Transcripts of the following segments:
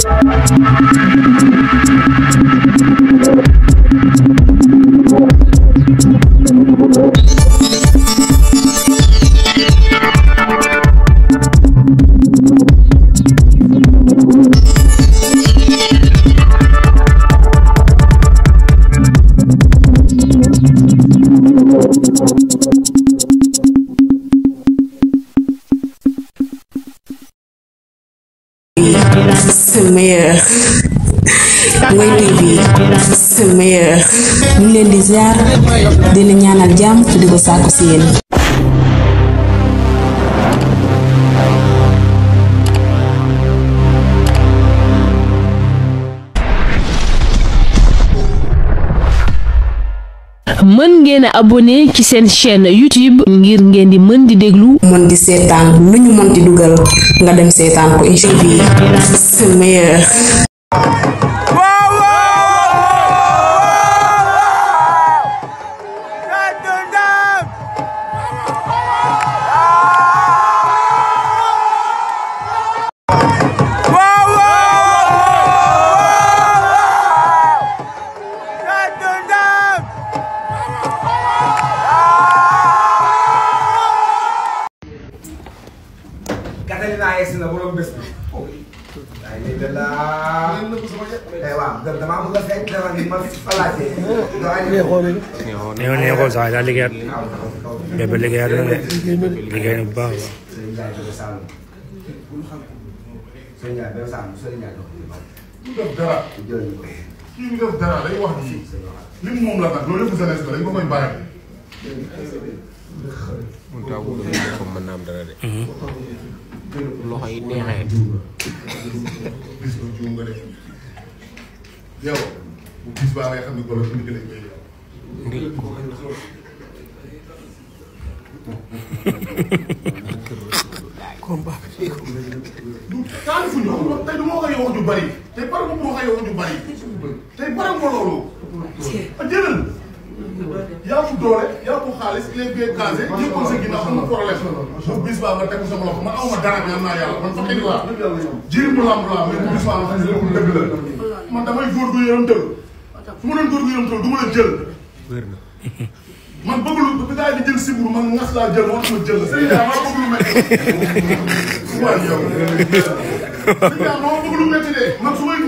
Thank you. c'est meilleur Ngoye TV c'est meilleur ñu leen di ziar di leen ñaanal jàmm te di ko sàkku si mën ngeen a abonné ci seen chaîne YouTube ngir ngeen di mën di déglu. mën di seetaan lu ñu mën di dugal nga dem seetaan ko et je dis c'est meilleur. damaa bëgg a feeñ dama ni ma fa laajee. nee ko sax daal liggéeyaat. bébé liggéeyaat la de. liggéey na bu baax a kii bi def dara day wax ni li mu moom la nag loolu yëpp jeunesse la dañ ko koy bàyyi. mun taa wóor na ko mën naa am dara de. loxo yi neexee. yow bu bis baa nga xam ne golo suñu gën koy wax ju bari tey bari bu ma wax ju bari tey bari ma loolu. yaa ko doole yaa ko xaalis les biens casés yëppal sa ginnaaw amul problème bu bis baa nga tegu sama loxo man aw ma dara bi am naa yàlla man fakki laa jirim bu lamb laa mais bu bis baa nga xam ne lépp dëgg la man damay góor gu yaram tël fu ma doon góor gu yaram tël du ma la jël man bëgg lu bi gars yi di jël siburu man ngas laa jël moo tax ma jël sëñ yaa maa bëgg lu métti waaw yow sëñ yaa maa bëgg lu métti de man su may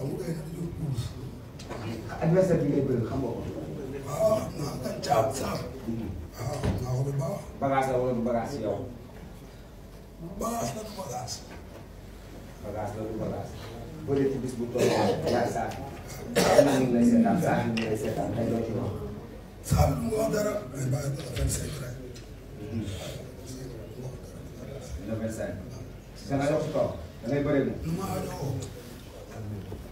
amul ay rajo puus. adversaire bi ngay bëri xam nga ko. waaw xam naa caab sax. waaw xam naa ko bu baax. bagage la wala du bagage yow. bagage la du bagage. bagage la du bagage. bëri ci bis bu toll yaay sax. am na ñu lay seetaan sax ñu lay seetaan te doo ci wax. sax du mu wax dara. mais bàyyi ko vingt cinq rek. le vingt cinq. dana yokk kaw da ngay bëri moom.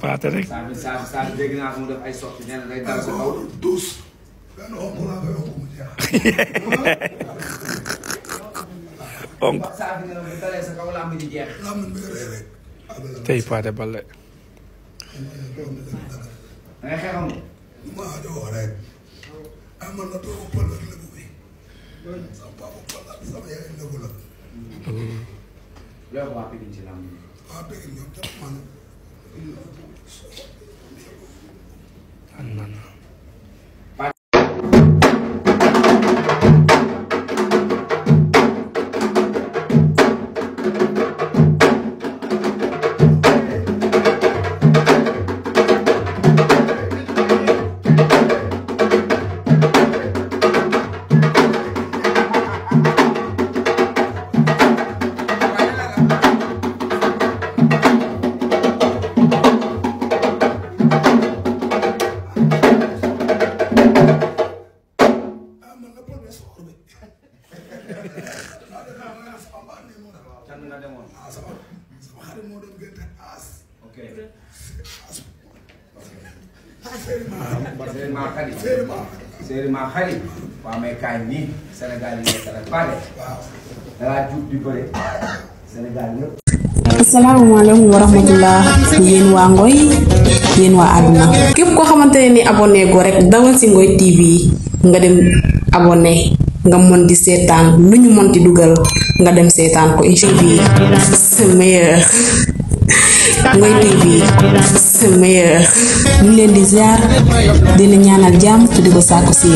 paate rek. saa bi dégg naa mu def ay sorti nee na day dal sa kaw. tous. onk. tey paate balle. da వ్యవహారం అప్పగించినాం అప్పగించాం Ah, xarit demoon. Ma Khady Seydou Ma Khady waa Ngoy yéen waa àdduna. képp koo xamante ne ni abonné go rek dawal si Ngoy TV nga dem abonné. nga mën di seetaan lu ñu mën di dugal nga dem seetaan ko Ngoye TV c'est meilleur Ngoye TV c'est meilleur ñu leen di ziar di leen ñaanal jàmm te di ko saaku si